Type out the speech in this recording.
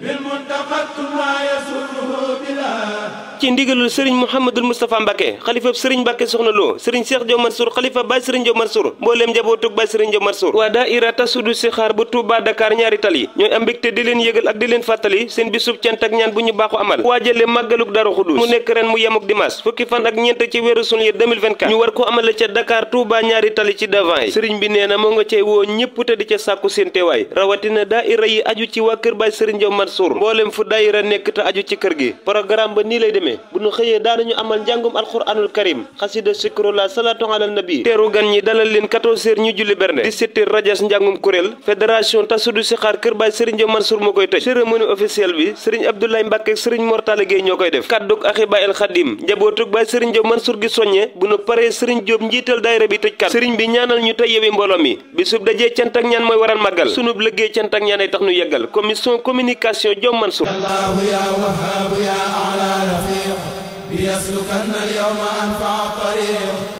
للمنتقد ما يسر ci ndigalul sëriñ Mouhamadul Moustapha Mbacke xalifab sëriñ Mbacke soxna Lo sëriñ Cheikh Diaw Mansour xalifa Baye sëriñ Diaw Mansour mbooleem njabootug Baye sëriñ Diaw Mansour waa daayira Tasudu mu nekk ren mu yemuk dimanche fukki fan ak ñeent ci weeru sunlier ñu war ko amale ca Dakar Touba ñaari tali ci devant yi sëriñ bi nee moo nga cay woo ñëpp te di ca sàkku seen teewaay rawatina daayira yi aju ci waa kër sëriñ Diaw Mansour mbooleem fu daayira nekk te aju ci kër gi programme ba nii lay demee amee bu nu xëyee daanañu amal njàngum alquranul karim xasida sikrullah salatu ala nabi teeru gan ñi dalal leen 14 heures ñu julli bernde 17 heures rajas njàngum kuréel fédération tasudu sixaar kër baay sëriñ Jom Mansour moo koy tëj cérémonie officielle bi sëriñ Abdoulaye Mbacke sëriñ Mortala ñoo koy def kadduk axi el xadim njabootug baay sëriñ Jom Mansour gi soññe bu nu paree sëriñ Jom njiital daayira bi tëj sëriñ bi ñaanal ñu tey yewi ليسلكن اليوم أنفع الطريق